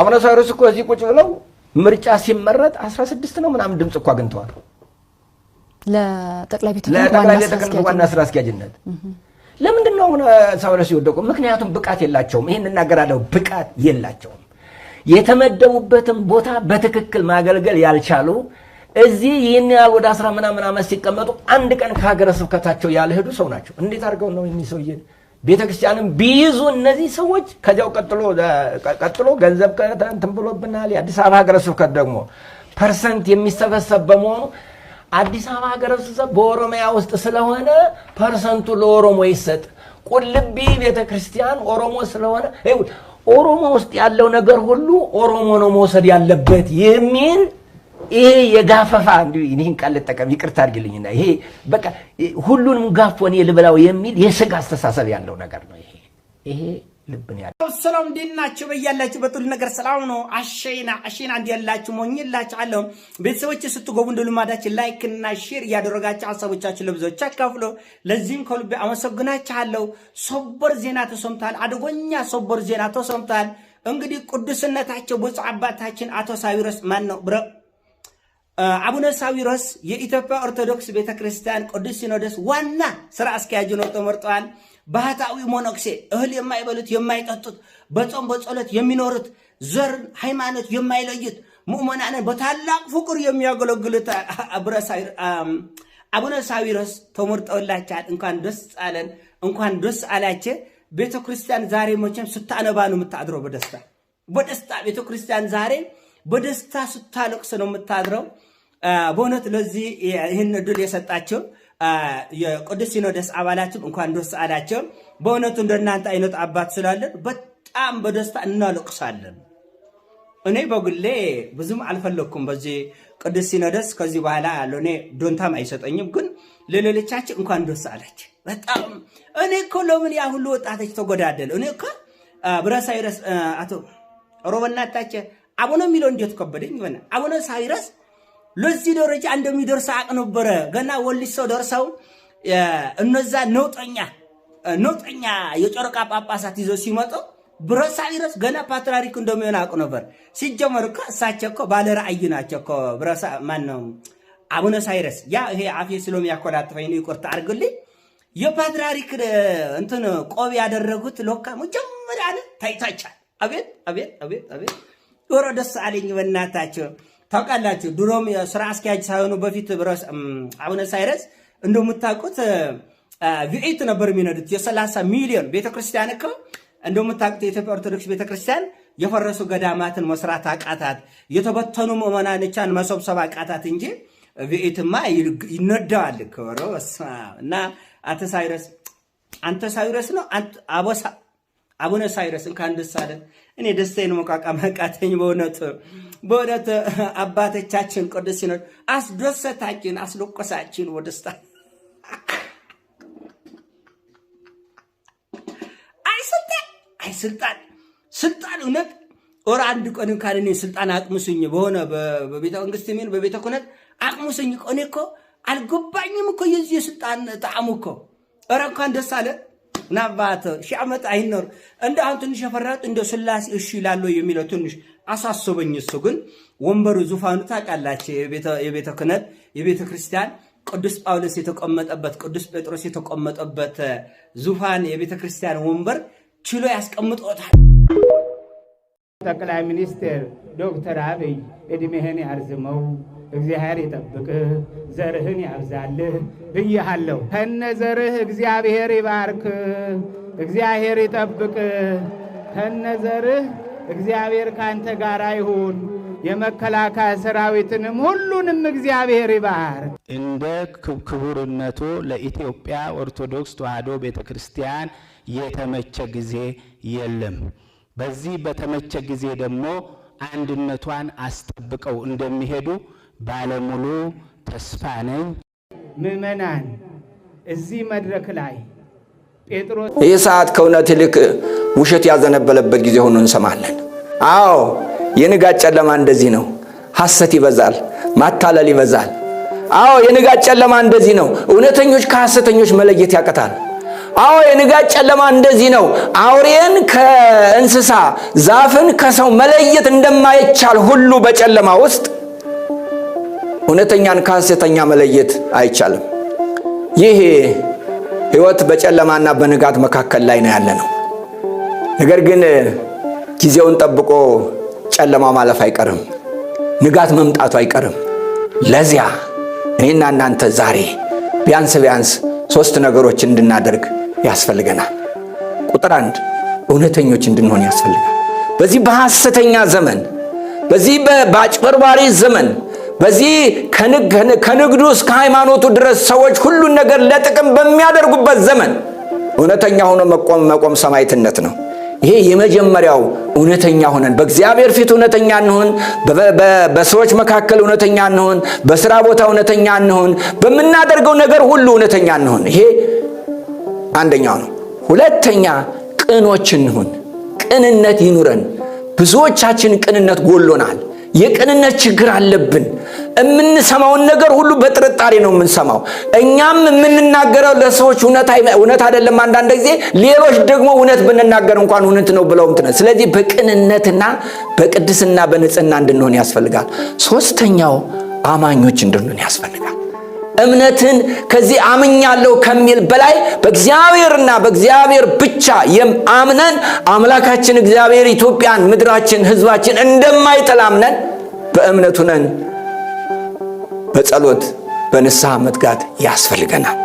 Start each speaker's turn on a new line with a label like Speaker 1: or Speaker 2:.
Speaker 1: አቡነ ሳዊሮስ እኮ እዚህ ቁጭ ብለው ምርጫ ሲመረጥ 16 ነው ምናምን ድምፅ እኮ አግኝተዋል
Speaker 2: ለጠቅላይ ቤተ ክህነት ዋና ስራ አስኪያጅነት።
Speaker 1: ለምንድን ነው አቡነ ሳዊሮስ ሲወደቁ? ምክንያቱም ብቃት የላቸውም። ይህን እናገራለሁ። ብቃት የላቸውም። የተመደቡበትን ቦታ በትክክል ማገልገል ያልቻሉ እዚህ ይህን ያህል ወደ አስራ ምናምን ዓመት ሲቀመጡ አንድ ቀን ከሀገረ ስብከታቸው ያልሄዱ ሰው ናቸው። እንዴት አድርገው ነው የሚሰውየን ቤተ ክርስቲያንም ቢይዙ እነዚህ ሰዎች ከዚያው ቀጥሎ ገንዘብ እንትን ብሎብናል። የአዲስ አበባ ሀገረ ስብከት ደግሞ ፐርሰንት የሚሰበሰብ በመሆኑ አዲስ አበባ ሀገረ ስብከት በኦሮሚያ ውስጥ ስለሆነ ፐርሰንቱ ለኦሮሞ ይሰጥ። ቁልቢ ቤተ ክርስቲያን ኦሮሞ ስለሆነ ኦሮሞ ውስጥ ያለው ነገር ሁሉ ኦሮሞ ነው መውሰድ ያለበት የሚል ይሄ የጋፈፋ እንዲሁ ይህን ቃል ልጠቀም ይቅርታ አድርግልኝና፣ ይሄ በቃ ሁሉንም ጋፎ እኔ ልብላው የሚል የስጋ አስተሳሰብ ያለው ነገር ነው። ይሄ ይሄ ልብን ያለ ሰላም እንዲናችሁ በያላችሁ በጥሉ ነገር ሰላም ነው። አሸና አሸና እንዲያላችሁ ሞኝላችሁ አለሁ ቤተሰቦች ስትገቡ እንደ ልማዳችሁ ላይክ እና ሼር እያደረጋችሁ ሀሳቦቻችሁ ለብዙዎች አካፍሎ ለዚህም ከልቤ አመሰግናችኋለሁ። ሰበር ዜና ተሰምቷል። አደገኛ ሰበር ዜና ተሰምቷል። እንግዲህ ቅዱስነታቸው ብፁዕ አባታችን አቶ ሳዊሮስ ማን ነው አቡነ ሳዊሮስ የኢትዮጵያ ኦርቶዶክስ ቤተክርስቲያን ቅዱስ ሲኖዶስ ዋና ስራ አስኪያጅ ነው ተመርጠዋል። ባህታዊ ሞኖክሴ እህል የማይበሉት የማይጠጡት፣ በጾም በጸሎት የሚኖሩት ዘር ሃይማኖት የማይለዩት ምእመናንን በታላቅ ፍቅር የሚያገለግሉት አቡነ ሳዊሮስ ተመርጠውላችኋል። እንኳን ደስ አለን፣ እንኳን ደስ አላችሁ። ቤተክርስቲያን ዛሬ መቼም ስታነባ ነው የምታድረው፣ በደስታ በደስታ ቤተክርስቲያን ዛሬ በደስታ ስታለቅስ ነው የምታድረው። በእውነት ለዚህ ይህን እድል የሰጣቸው የቅዱስ ሲኖዶስ አባላትም እንኳን ደስ አላቸው። በእውነቱ እንደናንተ አይነት አባት ስላለን በጣም በደስታ እናለቅሳለን። እኔ በግሌ ብዙም አልፈለግኩም በዚህ ቅዱስ ሲኖዶስ ከዚህ በኋላ ያለው እኔ ዶንታም አይሰጠኝም። ግን ለሌሎቻችን እንኳን ደስ አላቸው። በጣም እኔ እኮ ለምን ያ ሁሉ ወጣቶች ተጎዳደል? እኔ እኮ ብረሳይረስ አቶ ሮበናታቸ አቡነ የሚለው እንዴት ከበደኝ ሆነ አቡነ ሳይረስ ለዚህ ደረጃ እንደሚደርስ አቅ ነበረ። ገና ወሊሶ ደርሰው እነዛ ነውጠኛ ነውጠኛ የጨረቃ ጳጳሳት ይዘው ሲመጡ ብረሳ ቢረስ ገና ፓትርያርክ እንደሚሆን አቅ ነበር። ሲጀመር እኮ እሳቸው እኮ ባለ ራእይ ናቸው እኮ ብረሳ ማነው አቡነ ሳይረስ። ያ ይሄ አፌ ስለሚያኮላትፈኝ ነው ይቆርታ አድርግልኝ። የፓትርያርክ እንትን ቆብ ያደረጉት ሎካ መጀመሪያ አለ ታይታቻል። አቤት አቤት አቤት አቤት! ወረ ደስ አለኝ በእናታቸው ታውቃላችሁ፣ ድሮም ስራ አስኪያጅ ሳይሆኑ በፊት አቡነ ሳይረስ እንደምታውቁት ቪኤት ነበር የሚነዱት የ30 ሚሊዮን ቤተክርስቲያን እኮ እንደምታውቁት የኢትዮጵያ ኦርቶዶክስ ቤተክርስቲያን የፈረሱ ገዳማትን መስራት አቃታት፣ የተበተኑ ምዕመናኖቿን መሰብሰብ አቃታት እንጂ ቪኤትማ ይነዳዋል እና አንተ ሳይረስ አንተ ሳይረስ ነው አቦሳ አቡነ ሳይረስ እንኳን ደስ አለ። እኔ ደስታዬን መቋቋም አቃተኝ። በእውነት በእውነት አባቶቻችን ቅዱስ ሲኖድ አስደሰታችን፣ አስለቆሳችን ወደስታ አይ ስልጣን ስልጣን ስልጣን እውነት ወር አንድ ቀን እንኳን እኔ ስልጣን አቅሙስኝ በሆነ በቤተ መንግስት ሚን በቤተ ኩነት አቅሙስኝ እኔ እኮ አልገባኝም እኮ የዚህ የስልጣን ጣዕሙ እኮ ኧረ እንኳን ደስ አለ። ናባት ሺህ ዓመት አይኖር እንደ አሁን ትንሽ የፈራት እንደ ስላሴ እሺ ይላለው የሚለው ትንሽ አሳሰበኝ። እሱ ግን ወንበሩ ዙፋኑ ታውቃላችሁ፣ የቤተ ክህነት የቤተ ክርስቲያን ቅዱስ ጳውሎስ የተቀመጠበት ቅዱስ ጴጥሮስ የተቀመጠበት ዙፋን የቤተ ክርስቲያን ወንበር ችሎ ያስቀምጦታል።
Speaker 3: ጠቅላይ ሚኒስትር ዶክተር አብይ እድሜህን ያርዝመው እግዚአብሔር ይጠብቅህ፣ ዘርህን ያብዛልህ ብያሃለሁ። ከነ ዘርህ እግዚአብሔር ይባርክ፣ እግዚአብሔር ይጠብቅህ። ከነ ዘርህ እግዚአብሔር ካንተ ጋር ይሁን። የመከላከያ ሰራዊትንም ሁሉንም እግዚአብሔር ይባርክ።
Speaker 4: እንደ ክቡርነቱ ለኢትዮጵያ ኦርቶዶክስ ተዋሕዶ ቤተ ክርስቲያን የተመቸ ጊዜ የለም። በዚህ በተመቸ ጊዜ ደግሞ አንድነቷን አስጠብቀው እንደሚሄዱ ባለሙሉ ተስፋ ነኝ።
Speaker 5: ምዕመናን እዚህ መድረክ ላይ
Speaker 6: ጴጥሮስ ይህ ሰዓት ከእውነት ይልቅ ውሸት ያዘነበለበት ጊዜ ሆኖ እንሰማለን። አዎ የንጋት ጨለማ እንደዚህ ነው። ሐሰት ይበዛል፣ ማታለል ይበዛል። አዎ የንጋት ጨለማ እንደዚህ ነው። እውነተኞች ከሐሰተኞች መለየት ያቀታል። አዎ የንጋት ጨለማ እንደዚህ ነው። አውሬን ከእንስሳ ዛፍን ከሰው መለየት እንደማይቻል ሁሉ በጨለማ ውስጥ እውነተኛን ከሐሰተኛ መለየት አይቻልም። ይህ ሕይወት በጨለማና በንጋት መካከል ላይ ነው ያለ ነው። ነገር ግን ጊዜውን ጠብቆ ጨለማ ማለፍ አይቀርም፣ ንጋት መምጣቱ አይቀርም። ለዚያ እኔና እናንተ ዛሬ ቢያንስ ቢያንስ ሶስት ነገሮች እንድናደርግ ያስፈልገናል። ቁጥር አንድ እውነተኞች እንድንሆን ያስፈልጋል። በዚህ በሐሰተኛ ዘመን፣ በዚህ በአጭበርባሪ ዘመን በዚህ ከንግዱ እስከ ሃይማኖቱ ድረስ ሰዎች ሁሉን ነገር ለጥቅም በሚያደርጉበት ዘመን እውነተኛ ሆኖ መቆም መቆም ሰማይትነት ነው። ይሄ የመጀመሪያው እውነተኛ ሆነን በእግዚአብሔር ፊት እውነተኛ እንሆን፣ በሰዎች መካከል እውነተኛ እንሆን፣ በስራ ቦታ እውነተኛ እንሆን፣ በምናደርገው ነገር ሁሉ እውነተኛ እንሆን። ይሄ አንደኛው ነው። ሁለተኛ ቅኖች እንሁን፣ ቅንነት ይኑረን። ብዙዎቻችን ቅንነት ጎሎናል። የቅንነት ችግር አለብን። የምንሰማውን ነገር ሁሉ በጥርጣሬ ነው የምንሰማው። እኛም የምንናገረው ለሰዎች እውነት አይደለም። አንዳንድ ጊዜ ሌሎች ደግሞ እውነት ብንናገር እንኳን እውነት ነው ብለው ምትነ ስለዚህ በቅንነትና በቅድስና በንጽህና እንድንሆን ያስፈልጋል። ሶስተኛው አማኞች እንድንሆን ያስፈልጋል። እምነትን ከዚህ አምኛለሁ ከሚል በላይ በእግዚአብሔርና በእግዚአብሔር ብቻ አምነን አምላካችን እግዚአብሔር ኢትዮጵያን፣ ምድራችን፣ ህዝባችን እንደማይጠላ አምነን በእምነቱ ነን በጸሎት በንስሐ መትጋት ያስፈልገናል።